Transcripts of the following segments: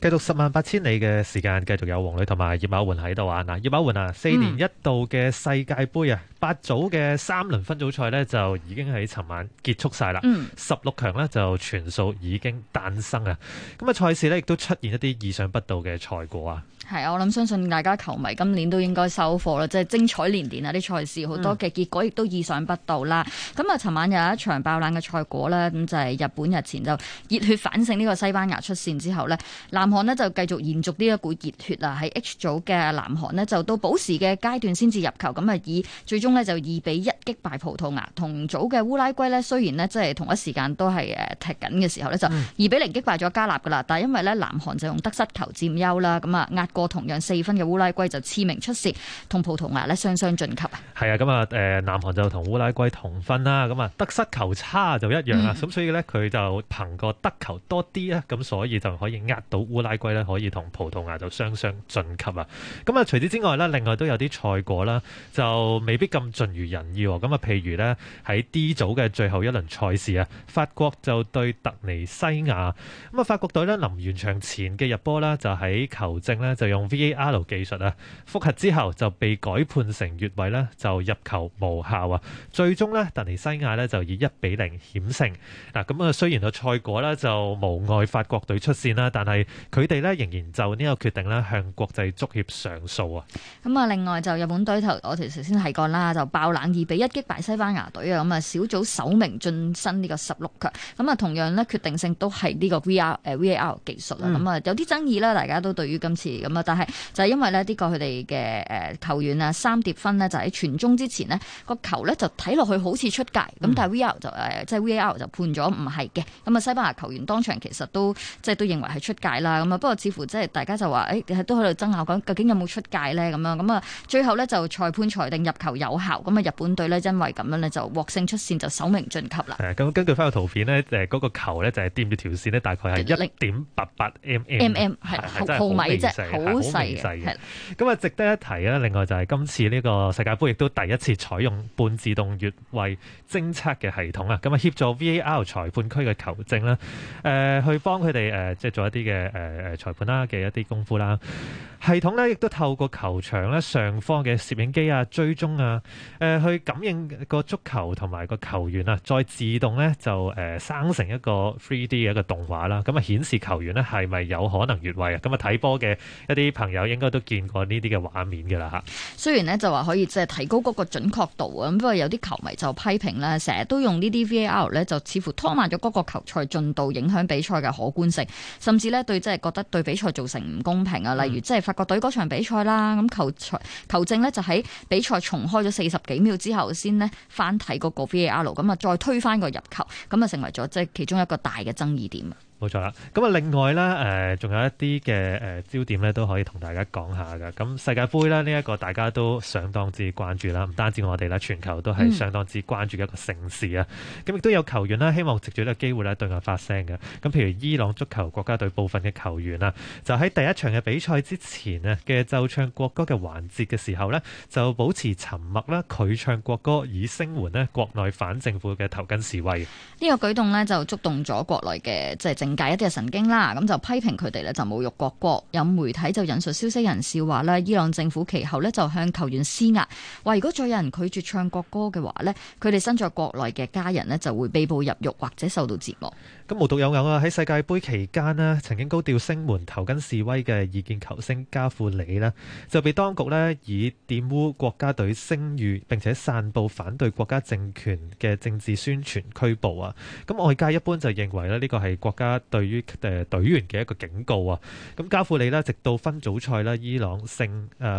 繼續十萬八千里嘅時間，繼續有王磊同埋葉馬煥喺度啊！嗱，葉馬煥啊，四年一度嘅世界盃啊，嗯，八組嘅三輪分組賽咧就已經喺尋晚結束晒啦，嗯，十六強呢就全數已經誕生啊！咁啊，賽事咧亦都出現了一啲意想不到嘅賽果啊！係啊，我諗相信大家球迷今年都應該收貨啦，即係精彩連連啊！啲賽事好多嘅結果亦都意想不到啦。咁、嗯、啊，尋晚有一場爆冷嘅賽果啦，咁就係、是、日本日前就熱血反勝。呢個西班牙出線之後呢，南韓呢就繼續延續呢一股熱血啦，喺 H 組嘅南韓呢，就到補時嘅階段先至入球，咁啊以最終呢就二比一擊敗葡萄牙。同組嘅烏拉圭呢，雖然呢，即係同一時間都係誒踢緊嘅時候呢，就二比零擊敗咗加納噶啦，但係因為呢，南韓就用得失球佔優啦，咁啊同樣四分嘅烏拉圭就次名出線，同葡萄牙咧雙雙晉級。係啊，咁啊，誒，南韓就同烏拉圭同分啦，咁啊得失球差就一樣啦，咁、嗯、所以呢，佢就憑個得球多啲咧，咁所以就可以壓到烏拉圭呢，可以同葡萄牙就雙雙晉級啊。咁啊，除此之外呢，另外都有啲賽果啦，就未必咁盡如人意。咁啊，譬如呢，喺 D 組嘅最後一輪賽事啊，法國就對特尼西亞，咁啊，法國隊呢，臨完場前嘅入波啦，就喺球證呢。就。用 VAR 技術啊，覆核之後就被改判成越位咧，就入球無效啊。最終咧，突尼西亞咧就以一比零險勝。嗱，咁啊，雖然個賽果咧就無礙法國隊出線啦，但係佢哋咧仍然就呢個決定咧向國際足協上訴啊。咁啊，另外就日本隊頭，我哋頭先提過啦，就爆冷二比一擊敗西班牙隊啊，咁啊小組首名晉身呢個十六強。咁啊，同樣咧決定性都係呢個 VAR 誒 VAR 技術啊。咁啊，有啲爭議啦，大家都對於今次咁。但係就係因為呢啲個佢哋嘅誒球員啊，三疊分呢就喺傳中之前呢個球呢就睇落去好似出界，咁、嗯、但係 VR 就誒，即係 VR 就判咗唔係嘅。咁啊，西班牙球員當場其實都即係、就是、都認為係出界啦。咁啊，不過似乎即係大家就話誒、欸，都喺度爭拗緊，究竟有冇出界呢？咁樣。咁啊，最後呢就裁判裁定入球有效。咁啊，日本隊呢，因為咁樣呢就獲勝出線，就首名進級啦。咁、嗯，根據翻個圖片呢，誒、那、嗰個球呢就係掂住條線呢大概係一點八八 mm，係毫米啫。好細細嘅，咁啊，值得一提咧。另外就係今次呢個世界盃，亦都第一次採用半自動越位偵測嘅系統啊。咁啊，協助 VAR 裁判區嘅球證啦，誒、呃，去幫佢哋誒，即、呃、係做一啲嘅誒誒裁判啦嘅一啲功夫啦。系統咧亦都透過球場咧上方嘅攝影機啊，追蹤啊，誒、呃，去感應個足球同埋個球員啊，再自動咧就誒、呃、生成一個 3D 嘅一個動畫啦。咁、呃、啊，顯示球員咧係咪有可能越位啊？咁、呃、啊，睇波嘅。一啲朋友應該都見過呢啲嘅畫面㗎喇吓。雖然呢就話可以即係提高嗰個準確度啊，咁不過有啲球迷就批評啦，成日都用呢啲 VAR 咧，就似乎拖慢咗嗰個球賽進度，影響比賽嘅可觀性，甚至呢對即係覺得對比賽造成唔公平啊。例如即係法國隊嗰場比賽啦，咁、嗯、球賽球證呢就喺比賽重開咗四十幾秒之後先呢，翻睇嗰個 VAR 咁啊再推翻個入球，咁啊成為咗即係其中一個大嘅爭議點。冇錯啦，咁啊另外咧，誒、呃、仲有一啲嘅誒焦點咧，都可以同大家講下噶。咁世界盃咧，呢、這、一個大家都相當之關注啦，唔單止我哋啦，全球都係相當之關注嘅一個盛事啊。咁、嗯、亦都有球員啦，希望藉住呢個機會咧對外發聲嘅。咁譬如伊朗足球國家隊部分嘅球員啊，就喺第一場嘅比賽之前呢，嘅奏唱國歌嘅環節嘅時候呢，就保持沉默啦，拒唱國歌以聲援呢國內反政府嘅頭巾示威。呢、這個舉動呢，就觸動咗國內嘅即係政。就是解一啲嘅神經啦，咁就批評佢哋咧就侮辱國歌。有媒體就引述消息人士話咧，伊朗政府其後咧就向球員施壓，話如果再有人拒絕唱國歌嘅話咧，佢哋身在國內嘅家人呢就會被捕入獄或者受到折磨。咁無獨有偶啊！喺世界盃期間呢，曾經高調聲門頭巾示威嘅異見球星加富里呢，就被當局呢以玷污國家隊聲譽，並且散布反對國家政權嘅政治宣傳拘捕啊！咁外界一般就認為呢，呢個係國家對於誒隊員嘅一個警告啊！咁加富里呢，直到分組賽啦、伊朗勝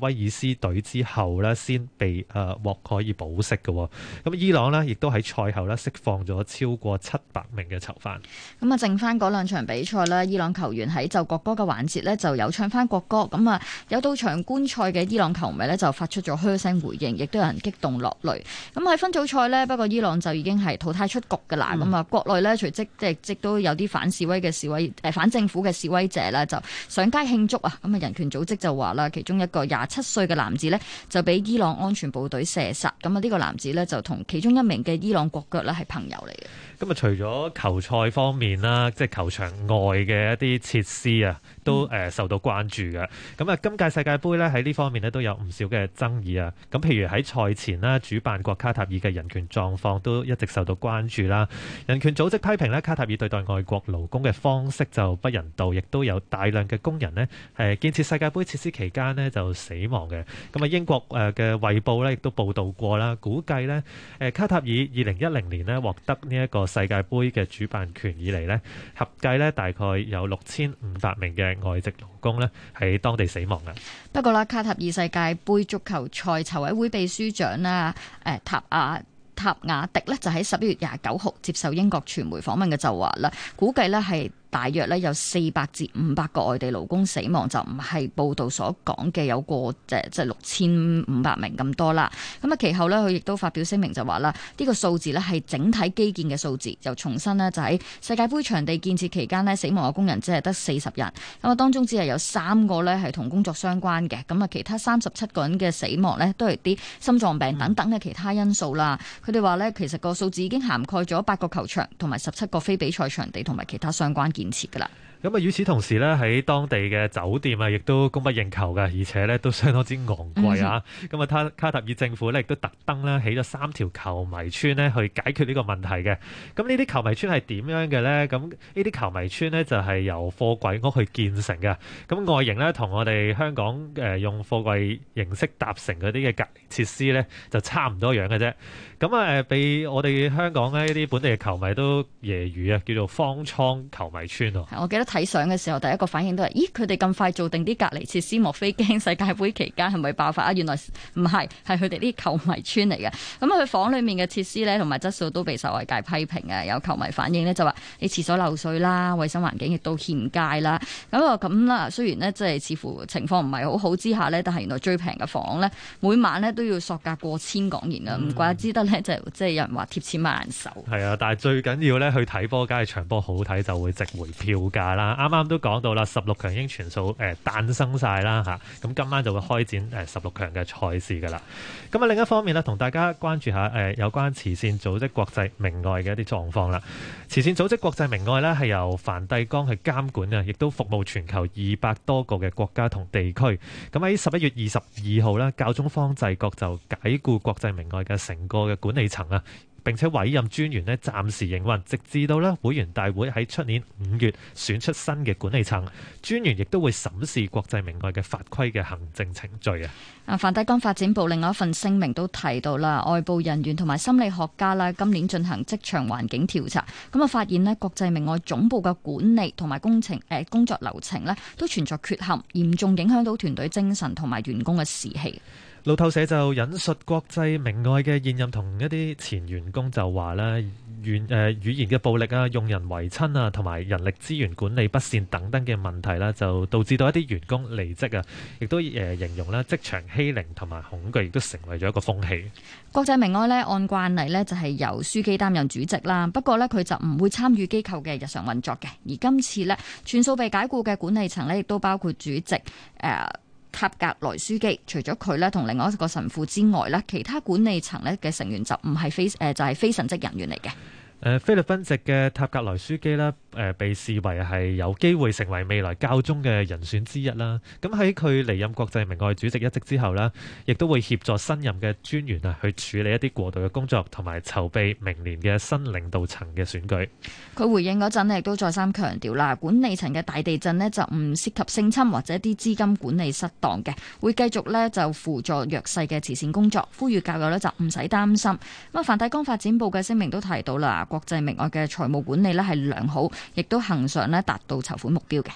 威爾斯隊之後呢，先被誒獲可以保釋嘅。咁伊朗呢，亦都喺賽後呢，釋放咗超過七百名嘅囚犯。咁啊，剩翻嗰兩場比賽啦。伊朗球員喺奏國歌嘅環節呢，就有唱翻國歌。咁啊，有到場觀賽嘅伊朗球迷呢，就發出咗噓聲回應，亦都有人激動落淚。咁喺分組賽呢，不過伊朗就已經係淘汰出局噶啦。咁、嗯、啊，國內呢，隨即即即都有啲反示威嘅示威誒，反政府嘅示威者呢，就上街慶祝啊。咁啊，人權組織就話啦，其中一個廿七歲嘅男子呢，就俾伊朗安全部隊射殺。咁啊，呢個男子呢，就同其中一名嘅伊朗國腳呢，係朋友嚟嘅。咁啊，除咗球賽方面啦，即係球場外嘅一啲設施啊，都誒受到關注嘅。咁啊，今屆世界杯咧喺呢方面咧都有唔少嘅爭議啊。咁譬如喺賽前啦，主辦國卡塔爾嘅人權狀況都一直受到關注啦。人權組織批評咧，卡塔爾對待外國勞工嘅方式就不人道，亦都有大量嘅工人咧誒建設世界杯設施期間咧就死亡嘅。咁啊，英國誒嘅《衛報》咧亦都報道過啦，估計咧誒卡塔爾二零一零年咧獲得呢一個世界杯嘅主辦權。以嚟呢，合計呢大概有六千五百名嘅外籍勞工呢喺當地死亡嘅。不過啦，卡塔爾世界盃足球賽籌委會秘書長啦，誒、呃、塔亞塔瓦迪呢就喺十一月廿九號接受英國傳媒訪問嘅就話啦，估計呢係，大約呢有四百至五百個外地勞工死亡，就唔係報道所講嘅有過誒，即係六千五百名咁多啦。咁啊其後呢，佢亦都發表聲明就話啦，呢個數字呢係整體基建嘅數字，又重申呢，就喺世界盃場地建設期間呢，死亡嘅工人只係得四十人，咁啊當中只係有三個呢係同工作相關嘅，咁啊其他三十七個人嘅死亡呢，都係啲心臟病等等嘅其他因素啦。佢哋話呢，其實個數字已經涵蓋咗八個球場同埋十七個非比賽場地同埋其他相關建設噶啦。咁啊，與此同時咧，喺當地嘅酒店啊，亦都供不應求嘅，而且咧都相當之昂貴啊！咁啊，卡塔爾政府咧，亦都特登咧起咗三條球迷村咧，去解決呢個問題嘅。咁呢啲球迷村係點樣嘅咧？咁呢啲球迷村咧就係由貨櫃屋去建成嘅。咁外形咧同我哋香港用貨櫃形式搭成嗰啲嘅隔離設施咧就差唔多樣嘅啫。咁啊，俾我哋香港咧呢啲本地嘅球迷都揶揄啊，叫做方艙球迷村我記得。睇相嘅時候，第一個反應都係，咦，佢哋咁快做定啲隔離設施，莫非驚世界盃期間係咪爆發啊？原來唔係，係佢哋啲球迷村嚟嘅。咁佢房裏面嘅設施呢，同埋質素都被受外界批評嘅，有球迷反映呢，就話，你廁所漏水啦，衛生環境亦都欠佳啦。咁啊，咁啦，雖然呢，即係似乎情況唔係好好之下呢，但係原來最平嘅房呢，每晚呢都要索價過千港元啊，唔、嗯、怪之得呢，即係即係有人話貼錢買難受。係啊，但係最緊要呢，去睇波街，梗係場波好睇就會值回票價啦。啊！啱啱都講到啦，十六強已經全數誒誕生晒啦嚇，咁今晚就會開展誒十六強嘅賽事噶啦。咁啊另一方面咧，同大家關注一下誒有關慈善組織國際明愛嘅一啲狀況啦。慈善組織國際明愛呢，係由梵蒂岡去監管嘅，亦都服務全球二百多個嘅國家同地區。咁喺十一月二十二號咧，教宗方濟各就解僱國際明愛嘅成個嘅管理層啊，並且委任專員咧暫時營運，直至到咧會員大會喺出年五月選出新嘅管理層，專員亦都會審視國際明愛嘅法規嘅行政程序啊！啊，梵蒂岡發展部另外一份聲明都提到啦，外部人員同埋心理學家啦，今年進行職場環境調查，咁啊發現咧國際明愛總部嘅管理同埋工程誒、呃、工作流程咧都存在缺陷，嚴重影響到團隊精神同埋員工嘅士氣。路透社就引述國際明愛嘅現任同一啲前員工就話咧，原誒語言嘅暴力啊、用人唯親啊、同埋人力資源管理不善等等嘅問題啦，就導致到一啲員工離職啊，亦都誒形容咧職場欺凌同埋恐懼，亦都成為咗一個風氣。國際明愛呢，按慣例咧就係由書記擔任主席啦，不過咧佢就唔會參與機構嘅日常運作嘅。而今次咧全數被解僱嘅管理層咧，亦都包括主席誒。呃塔格萊樞機，除咗佢咧同另外一個神父之外咧，其他管理層咧嘅成員就唔係非誒就係、是、非神職人員嚟嘅。誒、呃，菲律賓籍嘅塔格萊樞機咧。誒被視為係有機會成為未來教宗嘅人選之一啦。咁喺佢離任國際明愛主席一職之後呢，亦都會協助新任嘅專員啊去處理一啲過渡嘅工作，同埋籌備明年嘅新領導層嘅選舉。佢回應嗰陣亦都再三強調啦，管理層嘅大地震呢就唔涉及性侵或者啲資金管理失當嘅，會繼續呢就輔助弱勢嘅慈善工作，呼籲教友呢就唔使擔心。咁啊，梵蒂岡發展部嘅聲明都提到啦，國際明愛嘅財務管理呢係良好。亦都恒常咧達到籌款目標嘅。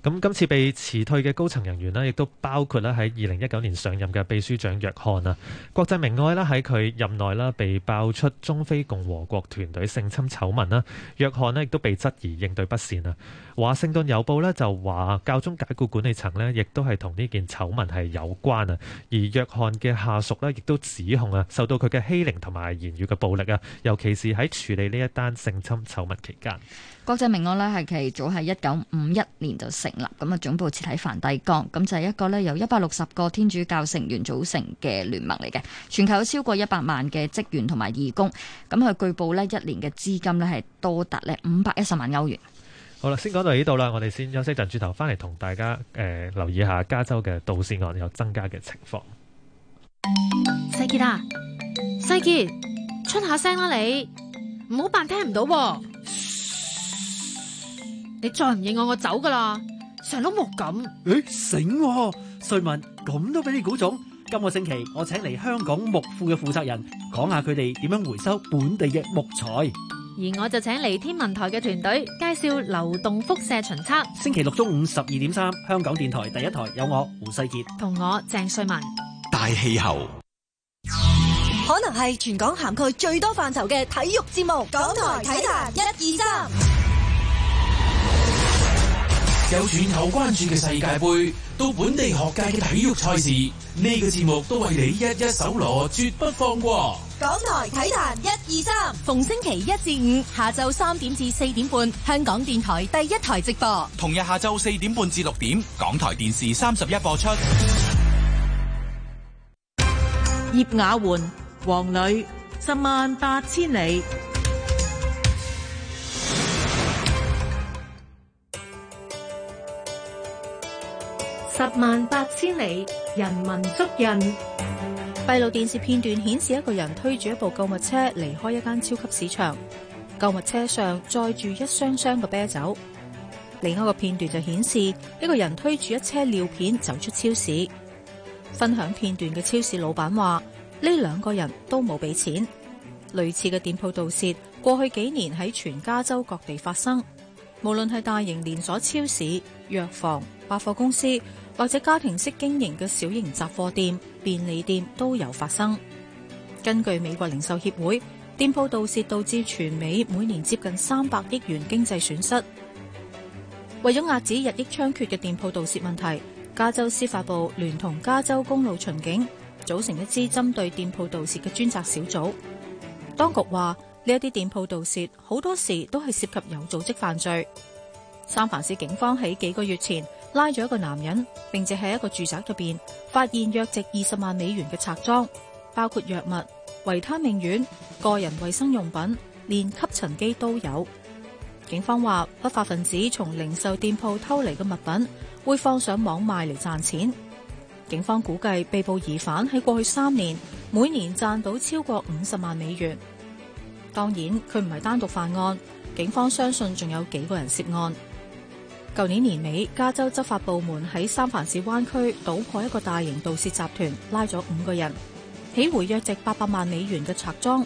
咁今次被辭退嘅高層人員呢，亦都包括咧喺二零一九年上任嘅秘書長約翰啊。國際明愛咧喺佢任內啦，被爆出中非共和國團隊性侵醜聞啦。約翰呢，亦都被質疑應對不善啊。華盛頓郵報呢，就話教宗解僱管理層呢，亦都係同呢件醜聞係有關啊。而約翰嘅下屬呢，亦都指控啊，受到佢嘅欺凌同埋言語嘅暴力啊，尤其是喺處理呢一單性侵醜聞期間。國際明愛咧係其早喺一九五一年就成立，咁啊總部設喺梵蒂岡，咁就係、是、一個咧由一百六十個天主教成員組成嘅聯盟嚟嘅，全球超過一百萬嘅職員同埋義工，咁佢據報咧一年嘅資金咧係多達咧五百一十萬歐元。好啦，先講到呢度啦，我哋先休息一陣，轉頭翻嚟同大家誒、呃、留意下加州嘅盜竊案有增加嘅情況。世傑啦，世傑，出下聲啦、啊、你，唔好扮聽唔到、啊。你再唔應我，我走噶啦！成碌木咁。誒醒，瑞文，咁都俾你估中。今個星期我請嚟，香港木庫嘅負責人講下佢哋點樣回收本地嘅木材，而我就請嚟天文台嘅團隊介紹流動輻射巡測。星期六中午十二點三，香港電台第一台有我胡世杰同我鄭瑞文。大氣候可能係全港涵蓋最多範疇嘅體育節目，港台體壇一二三。有全球關注嘅世界杯，到本地學界嘅體育賽事，呢、這個節目都為你一一搜羅，絕不放過。港台體壇一二三，逢星期一至五下晝三點至四點半，香港電台第一台直播；同日下晝四點半至六點，港台電視三十一播出。葉雅媛、黃磊，十萬八千里。十萬八千里，人文足印。閉路電視片段顯示一個人推住一部購物車離開一間超級市場，購物車上載住一箱箱嘅啤酒。另一個片段就顯示一個人推住一車尿片走出超市。分享片段嘅超市老闆話：呢兩個人都冇俾錢。類似嘅店鋪盜竊過去幾年喺全加州各地發生，無論係大型連鎖超市、藥房、百貨公司。或者家庭式經營嘅小型雜貨店、便利店都有發生。根據美國零售協會，店鋪盜竊導致全美每年接近三百億元經濟損失。為咗遏止日益猖獗嘅店鋪盜竊問題，加州司法部聯同加州公路巡警組成一支針對店鋪盜竊嘅專責小組。當局話呢一啲店鋪盜竊好多時都係涉及有組織犯罪。三藩市警方喺幾個月前，拉咗一個男人，並且喺一個住宅入邊發現約值二十萬美元嘅賊贓，包括藥物、維他命丸、個人衛生用品，連吸塵機都有。警方話，不法分子從零售店鋪偷嚟嘅物品會放上網賣嚟賺錢。警方估計被捕疑犯喺過去三年每年賺到超過五十萬美元。當然，佢唔係單獨犯案，警方相信仲有幾個人涉案。舊年年尾，加州執法部門喺三藩市灣區搗破一個大型盜竊集團，拉咗五個人，起回約值八百萬美元嘅賊贓。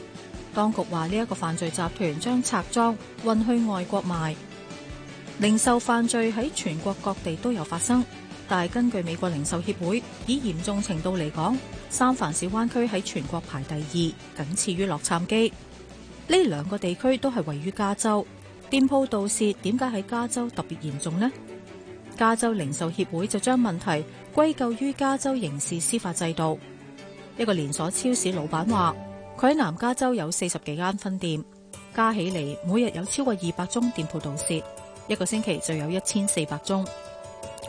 當局話呢一個犯罪集團將賊贓運去外國賣。零售犯罪喺全國各地都有發生，但係根據美國零售協會，以嚴重程度嚟講，三藩市灣區喺全國排第二，僅次於洛杉磯。呢兩個地區都係位於加州。店鋪盜竊點解喺加州特別嚴重呢？加州零售協會就將問題歸咎於加州刑事司法制度。一個連鎖超市老闆話：佢喺南加州有四十幾間分店，加起嚟每日有超過二百宗店鋪盜竊，一個星期就有一千四百宗。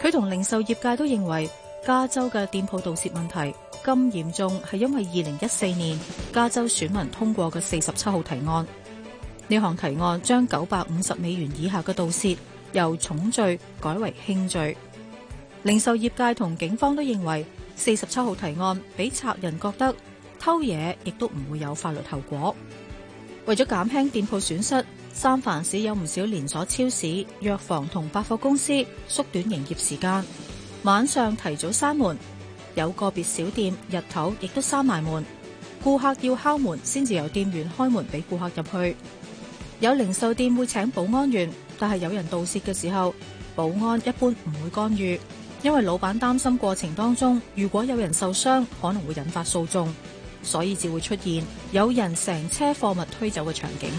佢同零售業界都認為加州嘅店鋪盜竊問題咁嚴重，係因為二零一四年加州選民通過嘅四十七號提案。呢項提案將九百五十美元以下嘅盜竊由重罪改為輕罪。零售業界同警方都認為四十七號提案俾賊人覺得偷嘢亦都唔會有法律後果。為咗減輕店鋪損失，三藩市有唔少連鎖超市、藥房同百貨公司縮短營業時間，晚上提早閂門。有個別小店日頭亦都閂埋門，顧客要敲門先至由店員開門俾顧客入去。有零售店會請保安員，但係有人盜竊嘅時候，保安一般唔會干預，因為老闆擔心過程當中如果有人受傷，可能會引發訴訟，所以就會出現有人成車貨物推走嘅場景。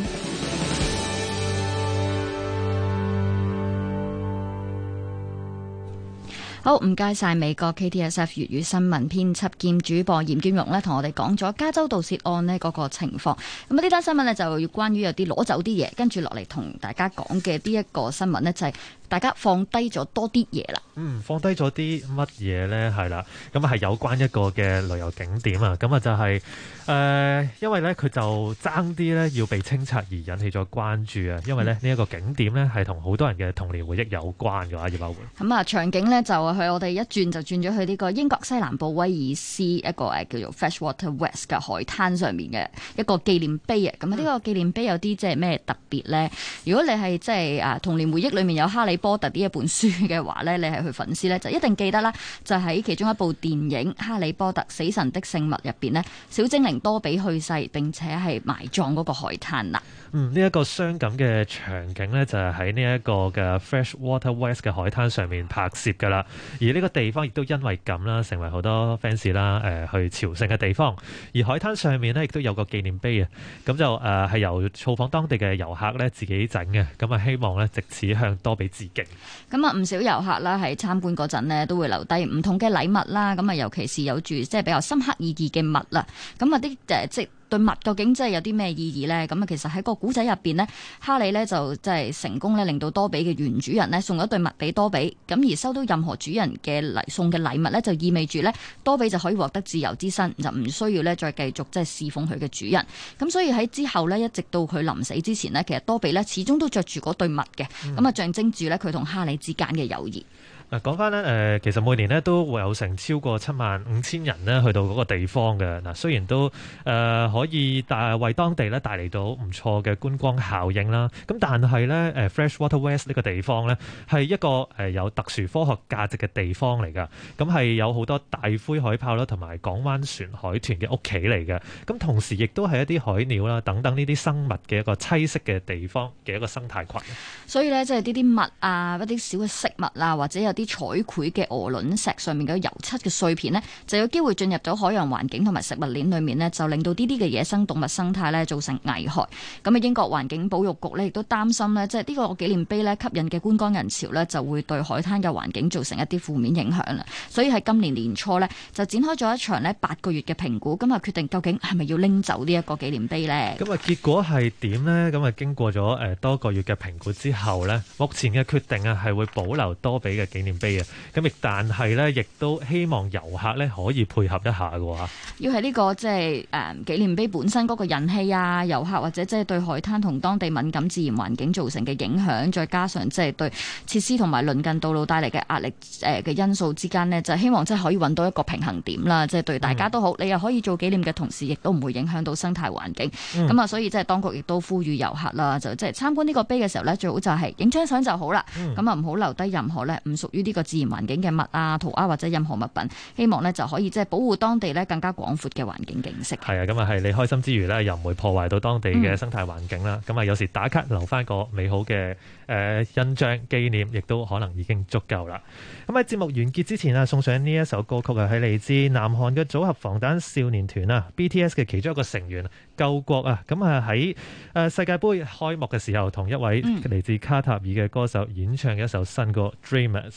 好，唔該晒美國 KTSF 粵語新聞編輯兼主播嚴劍蓉咧，同我哋講咗加州盜竊案呢嗰個情況。咁啊，呢單新聞呢，就要關於有啲攞走啲嘢，跟住落嚟同大家講嘅呢一個新聞呢，就係大家放低咗多啲嘢啦。嗯，放低咗啲乜嘢呢？係啦，咁啊係有關一個嘅旅遊景點啊。咁啊就係、是、誒、呃，因為呢，佢就爭啲呢，要被清拆而引起咗關注啊。因為呢，呢一個景點呢，係同好多人嘅童年回憶有關嘅啊，葉寶。咁啊，場景呢就佢、嗯、我哋一轉就轉咗去呢個英國西南部威爾斯一個誒叫做 Freshwater West 嘅海灘上面嘅一個紀念碑啊！咁啊呢個紀念碑有啲即係咩特別呢？如果你係即係啊童年回憶裏面有《哈利波特》呢一本書嘅話呢，你係佢粉絲呢就一定記得啦！就喺其中一部電影《哈利波特：死神的聖物》入邊呢，小精靈多比去世並且係埋葬嗰個海灘啦。嗯，呢、這、一個傷感嘅場景呢，就係喺呢一個嘅 Freshwater West 嘅海灘上面拍攝噶啦。而呢個地方亦都因為咁啦，成為好多 fans 啦，誒、呃、去朝聖嘅地方。而海灘上面呢，亦都有個紀念碑啊。咁就誒係由造訪當地嘅遊客呢，自己整嘅。咁啊，希望呢，藉此向多比致敬。咁啊，唔少遊客啦喺參觀嗰陣咧，都會留低唔同嘅禮物啦。咁啊，尤其是有住即係比較深刻意義嘅物啦。咁啊，啲、呃、誒即。對襪究竟真係有啲咩意義呢？咁啊，其實喺個古仔入邊咧，哈利咧就即係成功咧，令到多比嘅原主人咧送咗對襪俾多比，咁而收到任何主人嘅禮送嘅禮物呢就意味住咧多比就可以獲得自由之身，就唔需要咧再繼續即係侍奉佢嘅主人。咁所以喺之後咧，一直到佢臨死之前咧，其實多比咧始終都着住嗰對襪嘅，咁、嗯、啊象徵住咧佢同哈利之間嘅友誼。講翻咧，誒其實每年咧都會有成超過七萬五千人咧去到嗰個地方嘅。嗱，雖然都誒、呃、可以，但係為當地咧帶嚟到唔錯嘅觀光效應啦。咁但係咧，誒 Freshwater West 呢個地方咧係一個誒有特殊科學價值嘅地方嚟㗎。咁係有好多大灰海豹啦，同埋港灣船海豚嘅屋企嚟嘅。咁同時亦都係一啲海鳥啦，等等呢啲生物嘅一個棲息嘅地方嘅一個生態群。所以咧，即係呢啲物啊，一啲小嘅飾物啊，或者有啲彩繪嘅鵝卵石上面嘅油漆嘅碎片呢，就有機會進入咗海洋環境同埋食物鏈裏面呢，就令到呢啲嘅野生動物生態呢造成危害。咁啊，英國環境保育局呢亦都擔心呢，即係呢個紀念碑呢，吸引嘅觀光人潮呢，就會對海灘嘅環境造成一啲負面影響啦。所以喺今年年初呢，就展開咗一場咧八個月嘅評估，今日決定究竟係咪要拎走呢一個紀念碑呢？咁啊，結果係點呢？咁啊，經過咗誒多個月嘅評估之後呢，目前嘅決定啊係會保留多比嘅記。紀念碑啊，咁亦但係咧，亦都希望遊客咧可以配合一下嘅要係呢、呢個即係誒紀念碑本身嗰個人氣啊，遊客或者即係對海灘同當地敏感自然環境造成嘅影響，再加上即係對設施同埋鄰近道路帶嚟嘅壓力誒嘅、呃、因素之間呢，就是、希望即係可以揾到一個平衡點啦，即、就、係、是、對大家都好，嗯、你又可以做紀念嘅同時，亦都唔會影響到生態環境。咁啊，所以即係當局亦都呼籲遊客啦，就即係參觀呢個碑嘅時候呢，最好就係影張相就好啦。咁啊，唔好留低任何呢唔熟。於呢個自然環境嘅物啊、圖啊或者任何物品，希望呢就可以即係保護當地呢更加廣闊嘅環境景色。係啊，咁啊係你開心之餘呢，又唔會破壞到當地嘅生態環境啦。咁、嗯、啊，有時打卡留返個美好嘅印象紀念，亦都可能已經足夠啦。咁喺節目完結之前啊，送上呢一首歌曲啊，係嚟自南韓嘅組合防彈少年團啊，BTS 嘅其中一個成員，救國啊。咁啊喺世界盃開幕嘅時候，同一位嚟自卡塔爾嘅歌手演唱嘅一首新歌《嗯、Dreamers》。